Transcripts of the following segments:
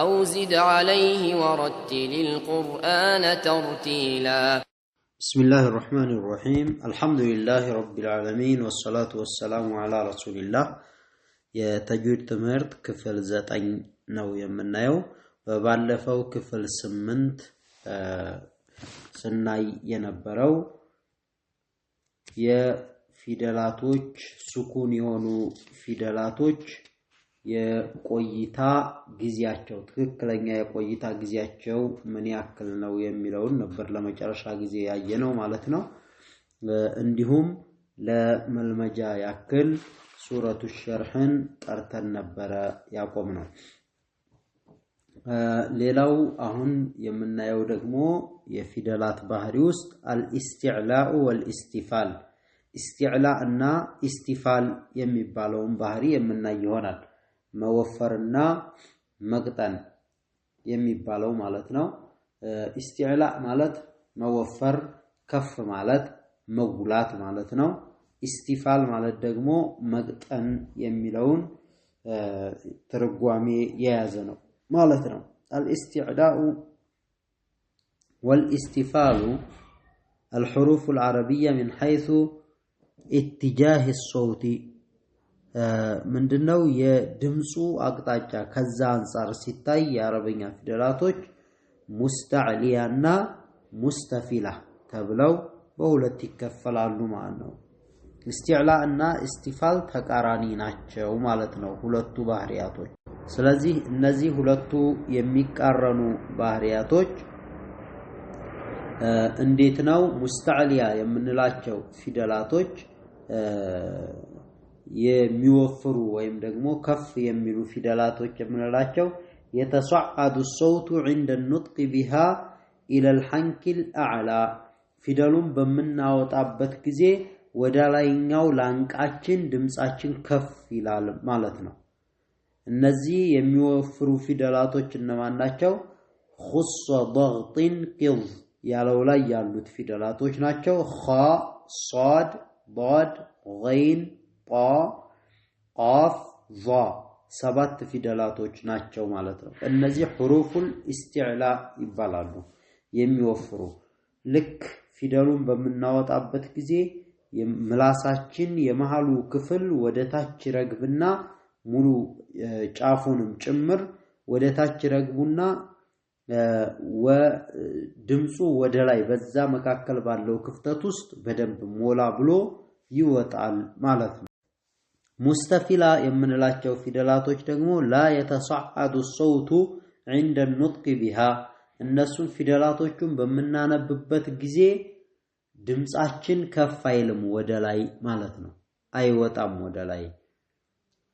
أو زد عليه ورتل القرآن ترتيلا بسم الله الرحمن الرحيم الحمد لله رب العالمين والصلاة والسلام على رسول الله يا تجويد تمرت كفل زاتين نو يمن نيو وبالفو كفل سمنت سناي ينبرو يا فيدالاتوش سكون يونو فيدالاتوش የቆይታ ጊዜያቸው ትክክለኛ የቆይታ ጊዜያቸው ምን ያክል ነው የሚለውን ነበር ለመጨረሻ ጊዜ ያየ ነው ማለት ነው። እንዲሁም ለመልመጃ ያክል ሱረቱ ሸርህን ጠርተን ነበረ ያቆም ነው። ሌላው አሁን የምናየው ደግሞ የፊደላት ባህሪ ውስጥ አልኢስቲዕላኡ ወልኢስቲፋል ኢስቲዕላ እና ኢስቲፋል የሚባለውን ባህሪ የምናይ ይሆናል። موفرنا مقتن يمي بالو مالتنا استعلاء مالت موفر كف مالت مغولات مالتنا استفال مالت دغمو مقتن يمي لون ترقوامي يازن مالتنا الاستعداء والاستفال الحروف العربية من حيث اتجاه الصوت ምንድነው የድምፁ አቅጣጫ ከዛ አንጻር ሲታይ የአረበኛ ፊደላቶች ሙስተዕሊያና ሙስተፊላ ተብለው በሁለት ይከፈላሉ ማለት ነው። ኢስቲዕላ እና እስቲፋል ተቃራኒ ናቸው ማለት ነው ሁለቱ ባህሪያቶች። ስለዚህ እነዚህ ሁለቱ የሚቃረኑ ባህሪያቶች እንዴት ነው ሙስተዕሊያ የምንላቸው ፊደላቶች የሚወፍሩ ወይም ደግሞ ከፍ የሚሉ ፊደላቶች የምንላቸው የተሰዓዱ ሰውቱ ዒንደ ኑጥቅ ቢሃ ኢለል ሐንኪል አዕላ ፊደሉን በምናወጣበት ጊዜ ወደ ላይኛው ላንቃችን ድምፃችን ከፍ ይላል ማለት ነው። እነዚህ የሚወፍሩ ፊደላቶች እነማን ናቸው? ኹሰ ضغطን ቅዝ ያለው ላይ ያሉት ፊደላቶች ናቸው። ኻ፣ ሷድ፣ ዷድ፣ ገይን ጳ፣ ቃፍ፣ ዛ ሰባት ፊደላቶች ናቸው ማለት ነው። እነዚህ ሁሩፉል ኢስቲዕላ ይባላሉ። የሚወፍሩ ልክ ፊደሉን በምናወጣበት ጊዜ ምላሳችን የመሃሉ ክፍል ወደ ታች ረግብና ሙሉ ጫፉንም ጭምር ወደ ታች ረግቡና ድምፁ ወደ ላይ በዛ መካከል ባለው ክፍተት ውስጥ በደንብ ሞላ ብሎ ይወጣል ማለት ነው። ሙስተፊላ የምንላቸው ፊደላቶች ደግሞ ላ የተሰዓዱ ሰውቱ ዒንደ ኑጥቂ ቢሃ እነሱም ፊደላቶቹን በምናነብበት ጊዜ ድምፃችን ከፍ አይልም ወደ ላይ ማለት ነው። አይወጣም ወደ ላይ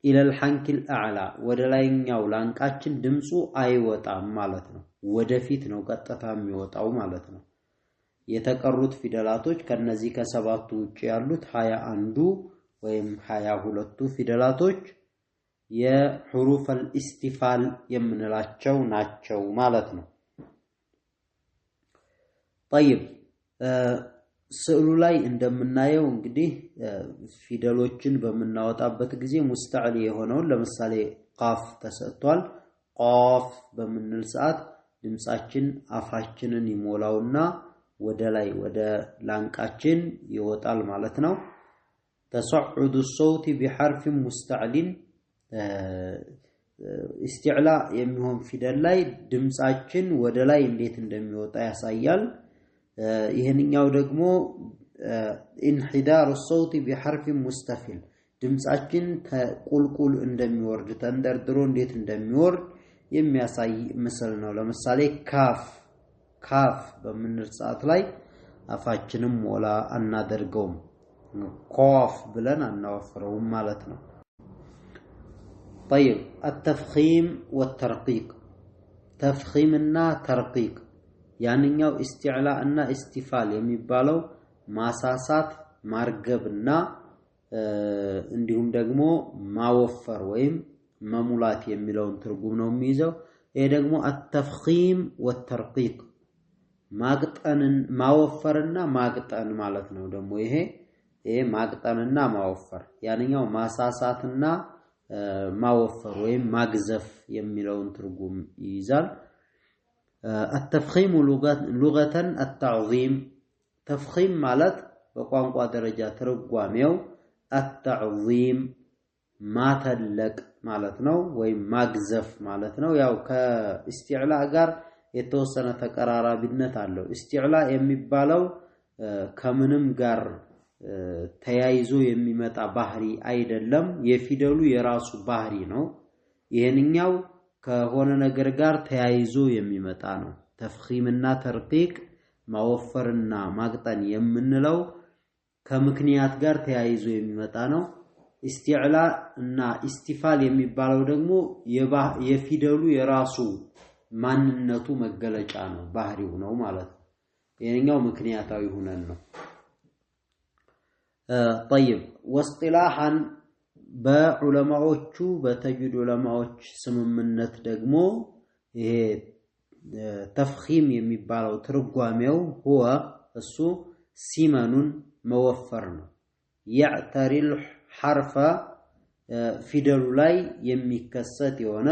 ኢለል ሐንኪል አዕላ ወደ ላይኛው ላንቃችን ድምፁ አይወጣም ማለት ነው። ወደፊት ነው ቀጥታ የሚወጣው ማለት ነው። የተቀሩት ፊደላቶች ከነዚህ ከሰባቱ ውጭ ያሉት ሀያ አንዱ ወይም ሀያ ሁለቱ ፊደላቶች የሑሩፈል ኢስቲፋል የምንላቸው ናቸው ማለት ነው። ጠይብ ስዕሉ ላይ እንደምናየው እንግዲህ ፊደሎችን በምናወጣበት ጊዜ ሙስተዕሊ የሆነውን ለምሳሌ ቃፍ ተሰጥቷል። ቃፍ በምንል ሰዓት ድምፃችን አፋችንን ይሞላውና ወደ ላይ ወደ ላንቃችን ይወጣል ማለት ነው። ተሰዑዱ ሰውቲ ቢሐርፊን ሙስተዕሊን ኢስቲዕላ የሚሆን ፊደል ላይ ድምፃችን ወደ ላይ እንዴት እንደሚወጣ ያሳያል። ይህንኛው ደግሞ ኢንሒዳሩ ሰውቲ ቢሐርፊን ሙስተፊል ድምፃችን ተቁልቁል እንደሚወርድ ተንደርድሮ እንዴት እንደሚወርድ የሚያሳይ ምስል ነው። ለምሳሌ ካፍ ካፍ በምንል ሰዓት ላይ አፋችንም ሞላ አናደርገውም። ኮፍ ብለን አናወፍረውም ማለት ነው። ጠይብ አተፍኺም ወተርቂቅ ተፍኺም እና ተርቂቅ ያንኛው ኢስቲዕላ እና ኢስቲፋል የሚባለው ማሳሳት ማርገብ እንዲሁም ደግሞ ማወፈር ወይም መሙላት የሚለውን ትርጉም ነው የሚይዘው። ይሄ ደግሞ አተፍኺም ወተርቂቅ ማቅጠንን ማወፈርና ማግጠን ማለት ነው ደግሞ ይሄ ይሄ ማቅጠንና ማወፈር፣ ያንኛው ማሳሳትና ማወፈር ወይም ማግዘፍ የሚለውን ትርጉም ይይዛል። አተፍኺሙ ሉገተን አተዕዚም ተፍኺም ማለት በቋንቋ ደረጃ ትርጓሜው አተዕዚም ማተለቅ ማለት ነው፣ ወይም ማግዘፍ ማለት ነው። ያው ከእስቲዕላ ጋር የተወሰነ ተቀራራቢነት አለው። እስቲዕላ የሚባለው ከምንም ጋር ተያይዞ የሚመጣ ባህሪ አይደለም። የፊደሉ የራሱ ባህሪ ነው። ይህንኛው ከሆነ ነገር ጋር ተያይዞ የሚመጣ ነው። ተፍኺምና ተርቂቅ ማወፈርና ማቅጠን የምንለው ከምክንያት ጋር ተያይዞ የሚመጣ ነው። ኢስቲዕላ እና ኢስቲፋል የሚባለው ደግሞ የፊደሉ የራሱ ማንነቱ መገለጫ ነው፣ ባህሪው ነው ማለት ነው። ይህኛው ምክንያታዊ ሁነን ነው። ጠይብ ወስጢላሐን በዑለማዎቹ በተጅድ ዑለማዎች ስምምነት ደግሞ ይሄ ተፍኺም የሚባለው ትርጓሜው ሁወ እሱ ሲመኑን መወፈር ነው። ያዕተሪል ሐርፈ ፊደሉ ላይ የሚከሰት የሆነ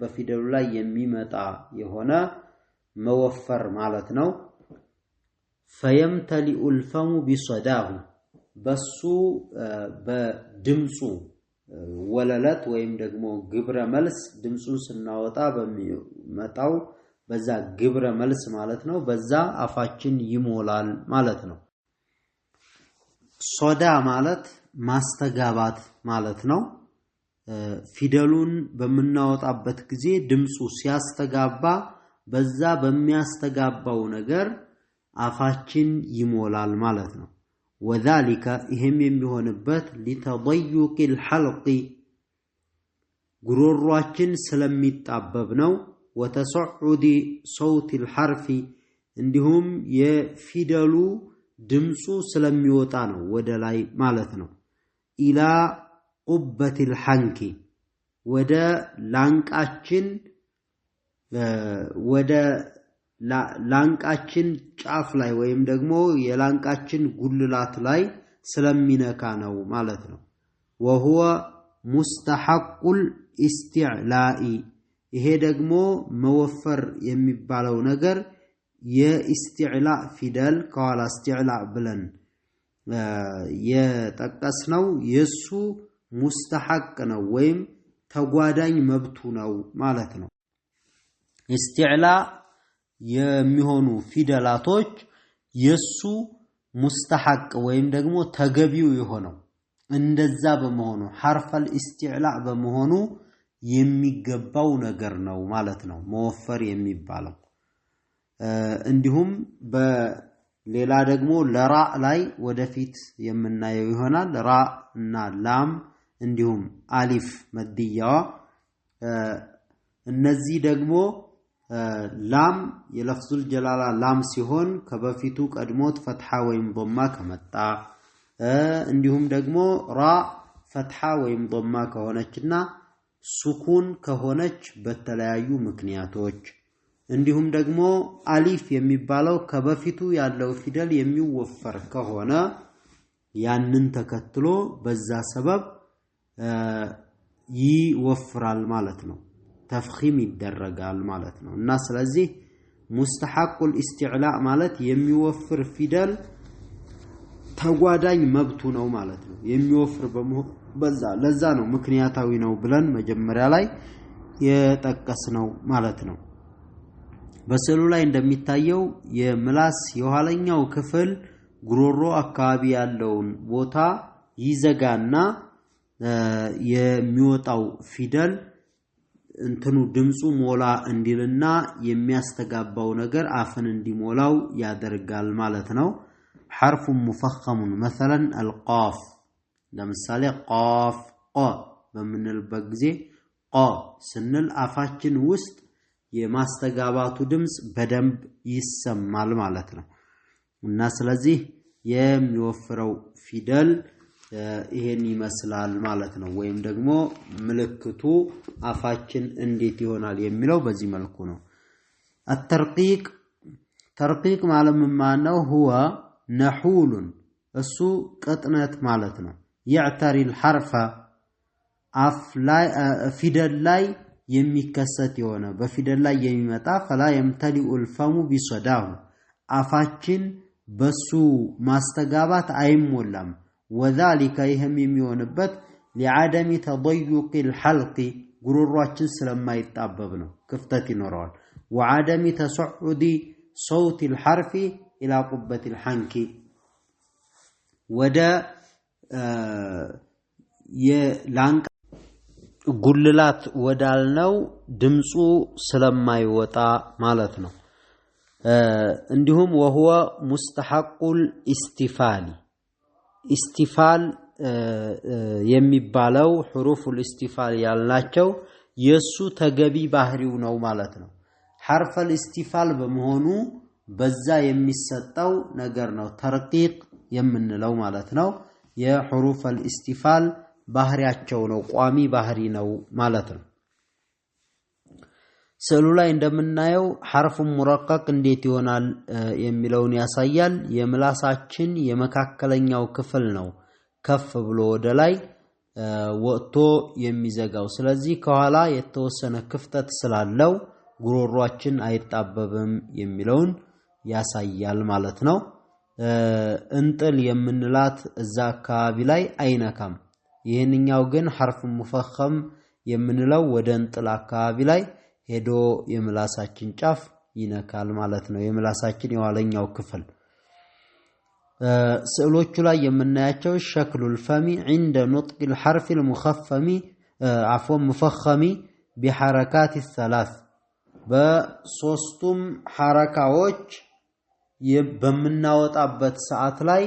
በፊደሉ ላይ የሚመጣ የሆነ መወፈር ማለት ነው። ፈየምተሊኡ ልፈሙ ቢሶዳሁ በሱ በድምፁ ወለለት ወይም ደግሞ ግብረ መልስ ድምፁን ስናወጣ በሚመጣው በዛ ግብረ መልስ ማለት ነው። በዛ አፋችን ይሞላል ማለት ነው። ሶዳ ማለት ማስተጋባት ማለት ነው። ፊደሉን በምናወጣበት ጊዜ ድምፁ ሲያስተጋባ በዛ በሚያስተጋባው ነገር አፋችን ይሞላል ማለት ነው። وذلك إهم مهون بات لتضيق الحلق قرور راجن سلميت أببنو وتصعد صوت الحرف عندهم يفيدلو دمسو سلميوتانو ودلاي مالتنو إلى قبة الحنك ودا لانك أجن آه، ودا ላንቃችን ጫፍ ላይ ወይም ደግሞ የላንቃችን ጉልላት ላይ ስለሚነካ ነው ማለት ነው። ወሁወ ሙስተሐቁል ኢስቲዕላኢ ይሄ ደግሞ መወፈር የሚባለው ነገር የኢስቲዕላ ፊደል ከኋላ ኢስቲዕላ ብለን ነው የሱ ሙስተሐቅ ነው ወይም ተጓዳኝ መብቱ ነው ማለት ነው። ኢስቲዕላ የሚሆኑ ፊደላቶች የሱ ሙስተሐቅ ወይም ደግሞ ተገቢው የሆነው እንደዛ በመሆኑ ሐርፈል ኢስቲዕላእ በመሆኑ የሚገባው ነገር ነው ማለት ነው መወፈር የሚባለው። እንዲሁም በሌላ ደግሞ ለራ ላይ ወደፊት የምናየው ይሆናል። ራ እና ላም እንዲሁም አሊፍ መድያዋ እነዚህ ደግሞ ላም የለፍዙል ጀላላ ላም ሲሆን ከበፊቱ ቀድሞት ፈትሓ ወይም ዶማ ከመጣ እንዲሁም ደግሞ ራ ፈትሓ ወይም ዶማ ከሆነችና ሱኩን ከሆነች በተለያዩ ምክንያቶች እንዲሁም ደግሞ አሊፍ የሚባለው ከበፊቱ ያለው ፊደል የሚወፈር ከሆነ ያንን ተከትሎ በዛ ሰበብ ይወፍራል ማለት ነው። ተፍኺም ይደረጋል ማለት ነው እና ስለዚህ ሙስተሐቁል ኢስቲዕላእ ማለት የሚወፍር ፊደል ተጓዳኝ መብቱ ነው ማለት ነው። የሚወፍር በዛ ለዛ ነው ምክንያታዊ ነው ብለን መጀመሪያ ላይ የጠቀስ ነው ማለት ነው። በስዕሉ ላይ እንደሚታየው የምላስ የኋለኛው ክፍል ጉሮሮ አካባቢ ያለውን ቦታ ይዘጋና የሚወጣው ፊደል እንትኑ ድምፁ ሞላ እንዲልና የሚያስተጋባው ነገር አፍን እንዲሞላው ያደርጋል ማለት ነው። ሐርፉን ሙፈኸሙን መሰለን አልቃፍ ለምሳሌ ቃፍ ቆ በምንልበት ጊዜ ቆ ስንል አፋችን ውስጥ የማስተጋባቱ ድምፅ በደንብ ይሰማል ማለት ነው እና ስለዚህ የሚወፍረው ፊደል ይሄን ይመስላል ማለት ነው። ወይም ደግሞ ምልክቱ አፋችን እንዴት ይሆናል የሚለው በዚህ መልኩ ነው። አተርቂቅ ተርቂቅ ማለት ምን ማለት ነው? ሁወ ነሑሉን እሱ ቅጥነት ማለት ነው። የዕተሪል ሐርፈ ፊደል ላይ የሚከሰት የሆነ በፊደል ላይ የሚመጣ ፈላ የምተሊኡል ፈሙ ቢሶዳሁ አፋችን በሱ ማስተጋባት አይሞላም። ወዛሊከ ይህም የሚሆንበት ሊዓደሚ ተضይቅ ልሐልቂ ጉሮሯችን ስለማይጣበብ ነው፣ ክፍተት ይኖረዋል። ወዓደሚ ተሰዑዲ ሰውት ልሐርፊ ኢላ ቁበት ልሐንኪ ወደ የላንቃ ጉልላት ወዳልነው ድምፁ ስለማይወጣ ማለት ነው። እንዲሁም ወህወ ሙስተሐቁል ኢስቲፋሊ ኢስቲፋል የሚባለው ሑሩፉል ኢስቲፋል ያላቸው የሱ ተገቢ ባህሪው ነው ማለት ነው። ሐርፈል ኢስቲፋል በመሆኑ በዛ የሚሰጠው ነገር ነው ተርቂቅ የምንለው ማለት ነው። የሑሩፈል ኢስቲፋል ባህሪያቸው ነው፣ ቋሚ ባህሪ ነው ማለት ነው። ስዕሉ ላይ እንደምናየው ሐርፉን ሙረቀቅ እንዴት ይሆናል የሚለውን ያሳያል። የምላሳችን የመካከለኛው ክፍል ነው ከፍ ብሎ ወደ ላይ ወጥቶ የሚዘጋው። ስለዚህ ከኋላ የተወሰነ ክፍተት ስላለው ጉሮሯችን አይጣበብም የሚለውን ያሳያል ማለት ነው። እንጥል የምንላት እዛ አካባቢ ላይ አይነካም። ይህንኛው ግን ሐርፍ ሙፈኸም የምንለው ወደ እንጥል አካባቢ ላይ ሄዶ የምላሳችን ጫፍ ይነካል ማለት ነው። የምላሳችን የኋለኛው ክፍል ስዕሎቹ ላይ የምናያቸው ሸክሉል ፈሚ ዒንደ ኑጥቂል ሐርፊል ሙኸፈሚ አፎን ሙፈኸሚ ቢሐረካት ሰላስ በሶስቱም ሐረካዎች በምናወጣበት ሰዓት ላይ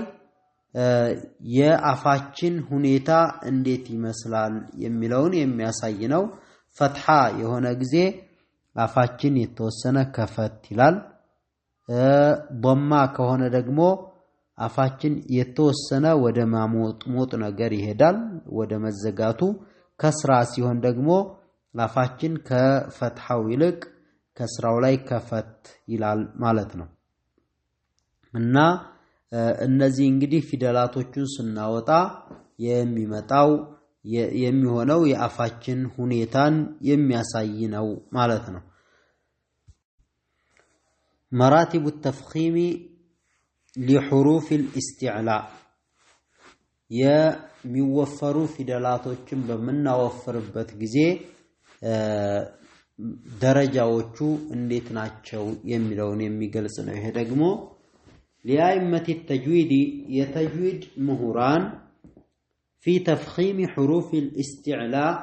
የአፋችን ሁኔታ እንዴት ይመስላል የሚለውን የሚያሳይ ነው። ፈትሓ የሆነ ጊዜ አፋችን የተወሰነ ከፈት ይላል። ቦማ ከሆነ ደግሞ አፋችን የተወሰነ ወደ ማሞጥሞጥ ነገር ይሄዳል፣ ወደ መዘጋቱ። ከስራ ሲሆን ደግሞ አፋችን ከፈትሐው ይልቅ ከስራው ላይ ከፈት ይላል ማለት ነው እና እነዚህ እንግዲህ ፊደላቶቹን ስናወጣ የሚመጣው የሚሆነው የአፋችን ሁኔታን የሚያሳይ ነው ማለት ነው። مراتب التفخيم لحروف الاستعلاء يا ميوفروا في دلاتوچن بمن اوفربت گزي درجاوچو انديت ناچو يميلون يميگلص نو هي دگمو لائمه التجويد يتجويد مهوران في تفخيم حروف الاستعلاء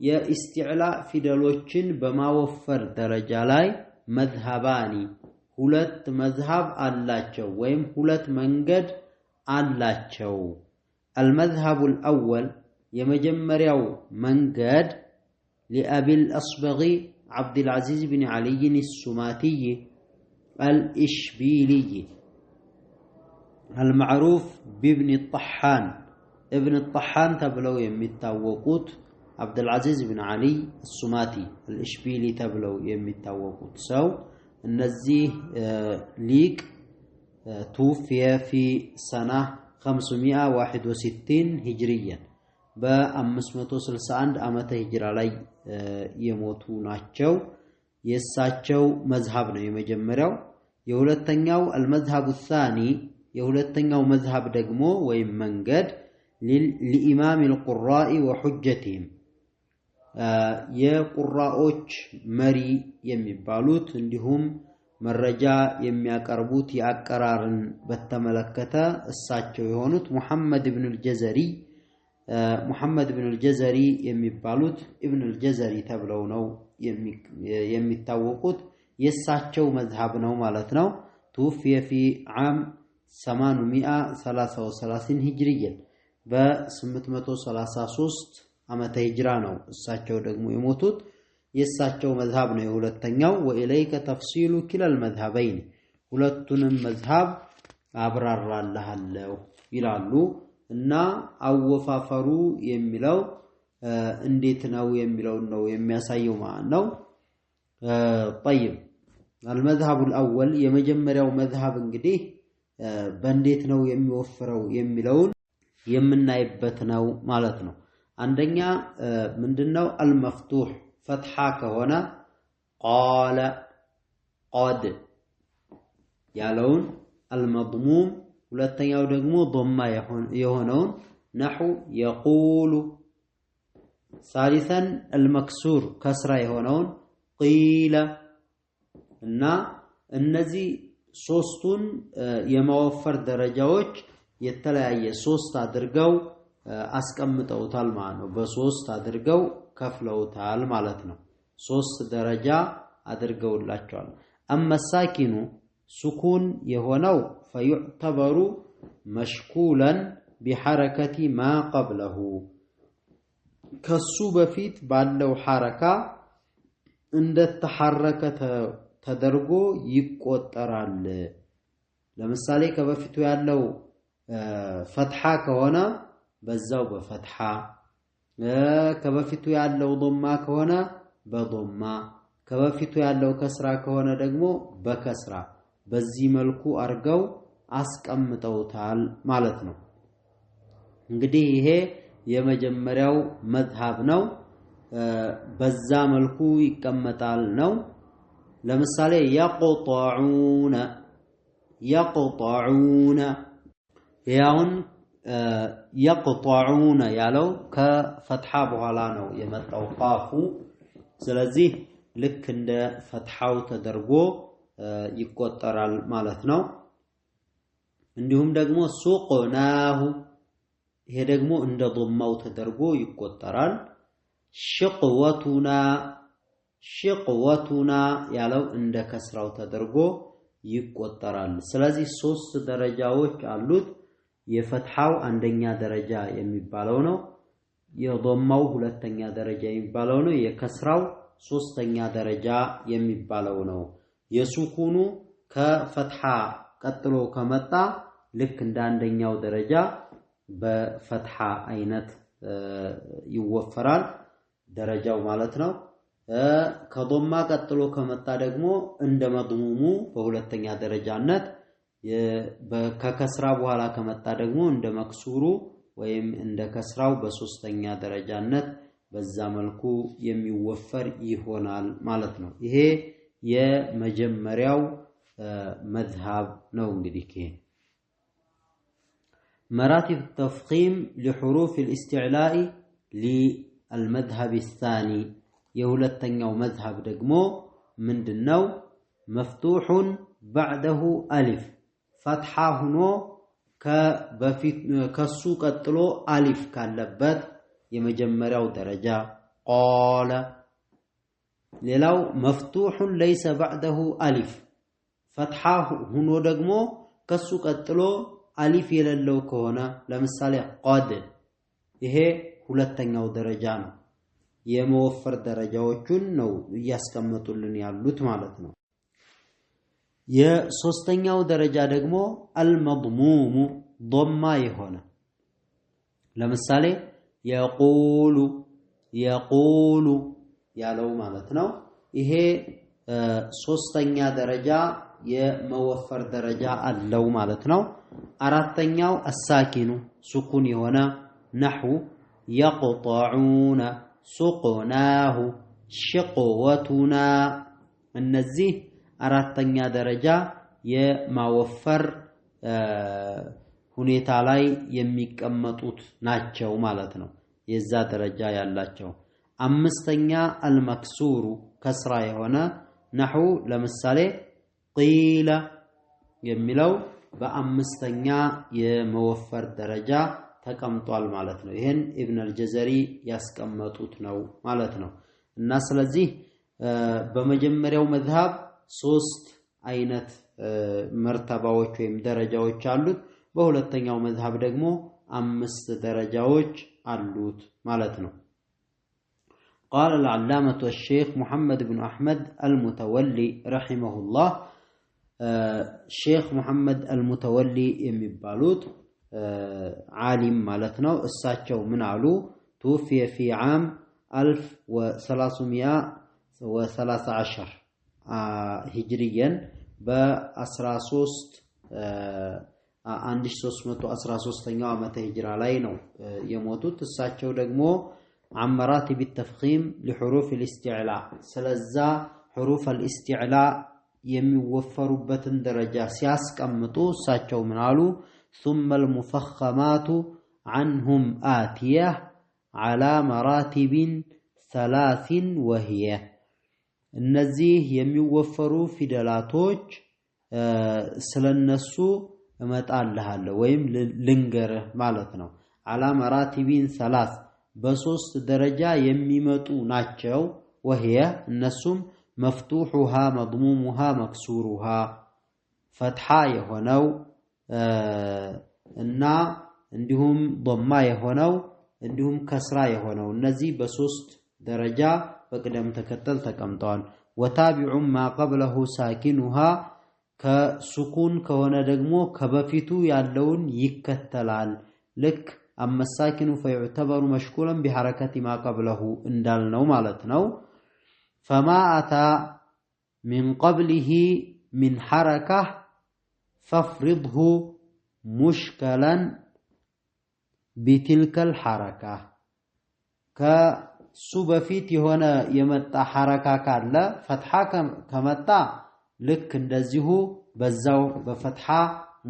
يا استعلاء في دلوچن بما وفر درجا لاي مذهباني هولت مذهب اللاتشو ويم هولت منجد اللاتشو المذهب الأول يمجمريو منجد لأبي الأصبغي عبد العزيز بن علي السماتي الإشبيلي المعروف بابن الطحان ابن الطحان تبلو يمتا وقوت عبد العزيز بن علي السماتي الإشبيلي تبلو يمتا وقوت سو እነዚህ ሊቅ ቱፍየ ፊ ሰና 561 ሂጅርየን በ561 ዓመተ ሂጅራ ላይ የሞቱ ናቸው። የእሳቸው መዝሃብ ነው የመጀመሪያው። የሁለተኛው አልመዝሃቡ ሳኒ የሁለተኛው መዝሃብ ደግሞ ወይም መንገድ ሊኢማም አልቁራኢ ወሑጀቲሂም የቁራዎች መሪ የሚባሉት እንዲሁም መረጃ የሚያቀርቡት የአቀራርን በተመለከተ እሳቸው የሆኑት ሙሐመድ ኢብኑል ጀዘሪ ሙሐመድ ኢብኑል ጀዘሪ የሚባሉት ኢብኑል ጀዘሪ ተብለው ነው የሚታወቁት። የእሳቸው መዝሃብ ነው ማለት ነው። ትውፍየ ፊ ዓም 833 ሂጅርየን በ833 ዓመተ ሂጅራ ነው። እሳቸው ደግሞ የሞቱት የእሳቸው መዝሃብ ነው የሁለተኛው። ወኢለይከ ተፍሲሉ ኪለል መዝሃበይን ሁለቱንም መዝሃብ አብራራልሃለሁ ይላሉ እና አወፋፈሩ የሚለው እንዴት ነው የሚለውን ነው የሚያሳየው ማለት ነው። ጠይብ አልመዝሃቡል አወል የመጀመሪያው መዝሃብ እንግዲህ በእንዴት ነው የሚወፍረው የሚለውን የምናይበት ነው ማለት ነው። አንደኛ ምንድነው? አልመፍቱህ ፈትሓ ከሆነ ቃለ ቆድ ያለውን አልመድሙም፣ ሁለተኛው ደግሞ ዶማ የሆነውን ነሑ የቁሉ፣ ሳሊሰን አልመክሱር ከስራ የሆነውን ቂለ እና እነዚህ ሶስቱን የማወፈር ደረጃዎች የተለያየ ሶስት አድርገው አስቀምጠውታል ማለት ነው። በሶስት አድርገው ከፍለውታል ማለት ነው። ሶስት ደረጃ አድርገውላቸዋል። አመሳኪኑ ሱኩን የሆነው ፈዩዕተበሩ መሽኩለን ቢሐረከቲ ማ ቀብለሁ ከሱ በፊት ባለው ሐረካ እንደተሐረከ ተደርጎ ይቆጠራል። ለምሳሌ ከበፊቱ ያለው ፈትሐ ከሆነ በዛው በፈትሓ ከበፊቱ ያለው ዶማ ከሆነ በዶማ ከበፊቱ ያለው ከስራ ከሆነ ደግሞ በከስራ በዚህ መልኩ አድርገው አስቀምጠውታል ማለት ነው። እንግዲህ ይሄ የመጀመሪያው መዝሃብ ነው። በዛ መልኩ ይቀመጣል ነው። ለምሳሌ የቆጣዑነ የቆጣዑነ ይሄ የቁጠዑነ ያለው ከፈትሓ በኋላ ነው የመጣው ቃፉ። ስለዚህ ልክ እንደ ፈትሓው ተደርጎ ይቆጠራል ማለት ነው። እንዲሁም ደግሞ ሱቅናሁ ይሄ ደግሞ እንደ ዶማው ተደርጎ ይቆጠራል። ሽቅወቱና ሽቅወቱና ያለው እንደ ከስራው ተደርጎ ይቆጠራል። ስለዚህ ሶስት ደረጃዎች አሉት። የፈትሐው አንደኛ ደረጃ የሚባለው ነው። የዶማው ሁለተኛ ደረጃ የሚባለው ነው። የከስራው ሶስተኛ ደረጃ የሚባለው ነው። የሱኩኑ ከፈትሃ ቀጥሎ ከመጣ ልክ እንደ አንደኛው ደረጃ በፈትሃ አይነት ይወፈራል ደረጃው ማለት ነው። ከዶማ ቀጥሎ ከመጣ ደግሞ እንደ መድሙሙ በሁለተኛ ደረጃነት ከከስራ በኋላ ከመጣ ደግሞ እንደ መክሱሩ ወይም እንደ ከስራው በሶስተኛ ደረጃነት በዛ መልኩ የሚወፈር ይሆናል ማለት ነው። ይሄ የመጀመሪያው መዝሃብ ነው። እንግዲህ ከ مراتب التفخيم لحروف الاستعلاء للمذهب الثاني የሁለተኛው መዝሃብ ደግሞ ምንድነው? መፍቱሑን ባዕደሁ አሊፍ ፈትሓ ሁኖ ከሱ ቀጥሎ አሊፍ ካለበት የመጀመሪያው ደረጃ ቆለ ሌላው መፍቱሑን ለይሰ ባዕደሁ አሊፍ ፈትሓ ሁኖ ደግሞ ከሱ ቀጥሎ አሊፍ የሌለው ከሆነ ለምሳሌ ቀድ። ይሄ ሁለተኛው ደረጃ ነው። የመወፈር ደረጃዎቹን ነው እያስቀመጡልን ያሉት ማለት ነው። የሶስተኛው ደረጃ ደግሞ አልመድሙሙ ዶማ የሆነ ለምሳሌ የቁሉ የቁሉ ያለው ማለት ነው። ይሄ ሶስተኛ ደረጃ የመወፈር ደረጃ አለው ማለት ነው። አራተኛው አሳኪኑ ሱኩን የሆነ ነሕው የቁጠዑነ ሱቁናሁ ሽቁወቱና እነዚህ አራተኛ ደረጃ የማወፈር ሁኔታ ላይ የሚቀመጡት ናቸው ማለት ነው። የዛ ደረጃ ያላቸው አምስተኛ አልመክሱሩ ከስራ የሆነ ነሑ ለምሳሌ ቂለ የሚለው በአምስተኛ የመወፈር ደረጃ ተቀምጧል ማለት ነው። ይህን ኢብን አልጀዘሪ ያስቀመጡት ነው ማለት ነው እና ስለዚህ በመጀመሪያው መዝሃብ ሶስት አይነት መርተባዎች ወይም ደረጃዎች አሉት በሁለተኛው መዝሀብ ደግሞ አምስት ደረጃዎች አሉት ማለት ነው قال العلامة الشيخ محمد بن أحمد المتولي رحمه الله الشيخ محمد المتولي بالوت عالم مالتنا الساتشو من علو توفي في عام 1313 آه، هجريا با ب 13 آه عمرات بالتفخيم لحروف الاستعلاء سلزا حروف الاستعلاء يموفر بتن درجة سياس كمتو ساتشو منالو ثم المفخمات عنهم آتية على مراتب ثلاث وهي እነዚህ የሚወፈሩ ፊደላቶች ስለነሱ እመጣልሃለሁ ወይም ልንገርህ ማለት ነው። አላ መራቲቢን ሰላስ በሶስት ደረጃ የሚመጡ ናቸው። ወህየ እነሱም መፍቱሑሃ መድሙሙሃ መክሱሩሃ ፈትሓ የሆነው እና እንዲሁም ዶማ የሆነው እንዲሁም ከስራ የሆነው እነዚህ በሶስት ደረጃ بقدم تكتل تكمتوان وتابع ما قبله ساكنها كسكون كهنا دقمو كبفيتو يالون يكتلال لك أما الساكن فيعتبر مشكولا بحركة ما قبله اندالنا ومالتنا فما أتى من قبله من حركة فافرضه مشكلا بتلك الحركة ك እሱ በፊት የሆነ የመጣ ሐረካ ካለ ፈትሐ ከመጣ ልክ እንደዚሁ በዛው በፈትሐ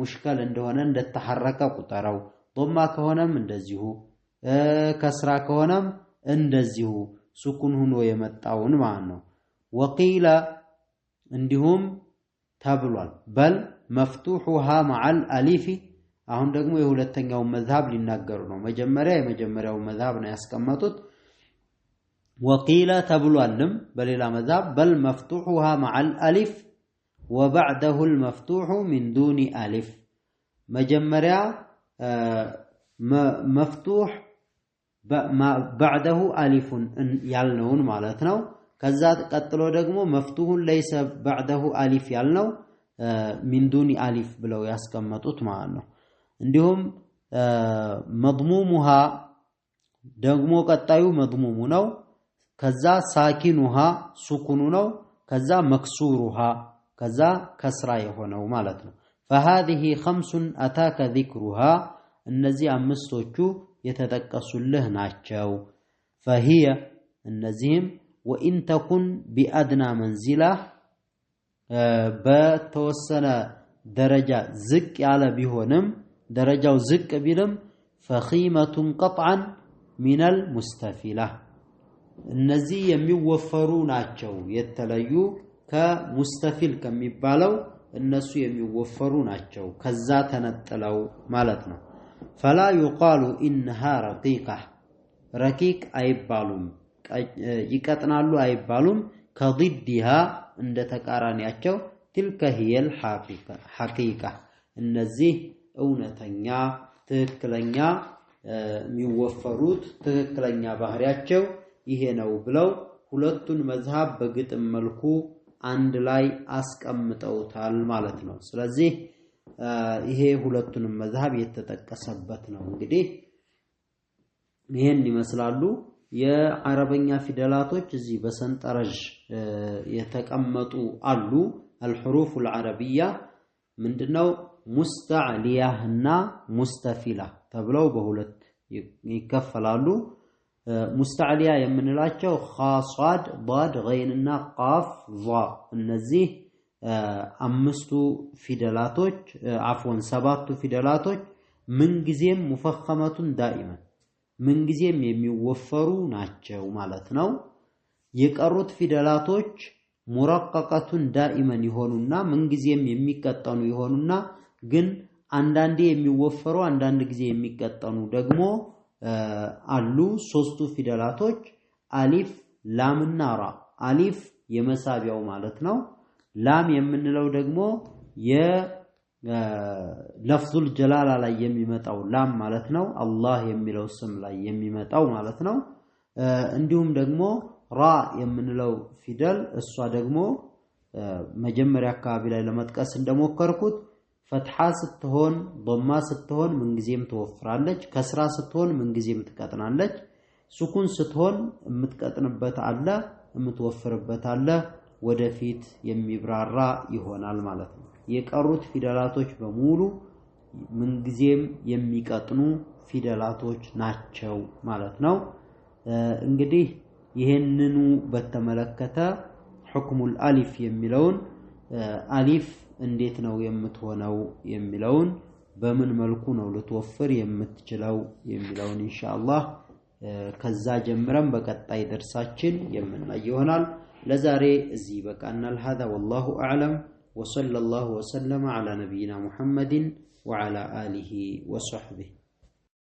ሙሽከል እንደሆነ እንደተሐረከ ቁጠረው። ዶማ ከሆነም እንደዚሁ፣ ከስራ ከሆነም እንደዚሁ ሱኩን ሁኖ የመጣውን ማለት ነው። ወቂለ እንዲሁም ተብሏል። በል መፍቱሑሃ መዓል አሊፊ። አሁን ደግሞ የሁለተኛውን መዝሃብ ሊናገሩ ነው። መጀመሪያ የመጀመሪያውን መዝሃብ ነው ያስቀመጡት። وقيل تبلو النم بل إلى مذاب بل مفتوحها مع الألف وبعده المفتوح من دون ألف مجمريا آه، مفتوح بعده ألف يالنون معلتنا كذات قتلو دغمو مفتوح ليس بعده ألف يالنو من دون ألف بلو ياسكمتوت معنا عندهم مضمومها دغمو قطعو مضمومو نو ከዛ ሳኪኑሃ ሱኩኑ ነው። ከዛ መክሱሩሃ ከዛ ከስራ የሆነው ማለት ነው። ፈሃዚህ ኸምሱን አታከ ዚክሩሃ እነዚህ አምስቶቹ የተጠቀሱልህ ናቸው። ፈሂየ እነዚህም ወኢን ተኩን ቢአድና መንዚላ በተወሰነ ደረጃ ዝቅ ያለ ቢሆንም ደረጃው ዝቅ ቢልም ፈኺመቱን ቀጥዓን ሚነል ሙስተፊላ እነዚህ የሚወፈሩ ናቸው። የተለዩ ከሙስተፊል ከሚባለው እነሱ የሚወፈሩ ናቸው። ከዛ ተነጥለው ማለት ነው። ፈላ ዩቃሉ ኢንሃ ረቂቃ ረቂቅ አይባሉም፣ ይቀጥናሉ አይባሉም። ከዲድሃ እንደ ተቃራኒያቸው ትልከ ሂየል ሐቂቃ እነዚህ እውነተኛ ትክክለኛ የሚወፈሩት ትክክለኛ ባህሪያቸው ይሄ ነው ብለው ሁለቱን መዝሃብ በግጥም መልኩ አንድ ላይ አስቀምጠውታል ማለት ነው። ስለዚህ ይሄ ሁለቱንም መዝሃብ የተጠቀሰበት ነው። እንግዲህ ይሄን ይመስላሉ የአረበኛ ፊደላቶች። እዚህ በሰንጠረዥ የተቀመጡ አሉ። አልሑሩፉል አረቢያ ምንድነው? ሙስተዕሊያህ እና ሙስተፊላ ተብለው በሁለት ይከፈላሉ። ሙስተዕሊያ የምንላቸው ኻሷድ ባድ ገይንና ቃፍ ዟ እነዚህ አምስቱ ፊደላቶች አፍወን ሰባቱ ፊደላቶች ምንጊዜም ሙፈኸመቱን ዳኢመን ምንጊዜም የሚወፈሩ ናቸው ማለት ነው። የቀሩት ፊደላቶች ሙረቀቀቱን ዳኢመን የሆኑና ምንጊዜም የሚቀጠኑ የሆኑና ግን አንዳንዴ የሚወፈሩ አንዳንድ ጊዜ የሚቀጠኑ ደግሞ አሉ ሶስቱ ፊደላቶች አሊፍ ላም ራ። አሊፍ የመሳቢያው ማለት ነው። ላም የምንለው ደግሞ የለፍዙል ጀላላ ላይ የሚመጣው ላም ማለት ነው። አላህ የሚለው ስም ላይ የሚመጣው ማለት ነው። እንዲሁም ደግሞ ራ የምንለው ፊደል እሷ ደግሞ መጀመሪያ አካባቢ ላይ ለመጥቀስ እንደሞከርኩት ፈትሃ ስትሆን ዶማ ስትሆን ምንጊዜም ትወፍራለች። ከስራ ስትሆን ምንጊዜም ትቀጥናለች። ሱኩን ስትሆን የምትቀጥንበት አለ፣ የምትወፍርበት አለ። ወደፊት የሚብራራ ይሆናል ማለት ነው። የቀሩት ፊደላቶች በሙሉ ምንጊዜም የሚቀጥኑ ፊደላቶች ናቸው ማለት ነው። እንግዲህ ይህንኑ በተመለከተ ሕክሙል አሊፍ የሚለውን አሊፍ እንዴት ነው የምትሆነው የሚለውን በምን መልኩ ነው ልትወፍር የምትችለው የሚለውን ኢንሻአላህ ከዛ ጀምረን በቀጣይ ደርሳችን የምናይ ይሆናል። ለዛሬ እዚህ ይበቃናል። ሀዛ ወላሁ አዕለም ወሰለላሁ ወሰለመ ዐላ ነቢይና ሙሐመድን ወዐላ አሊሂ ወሰሕቢህ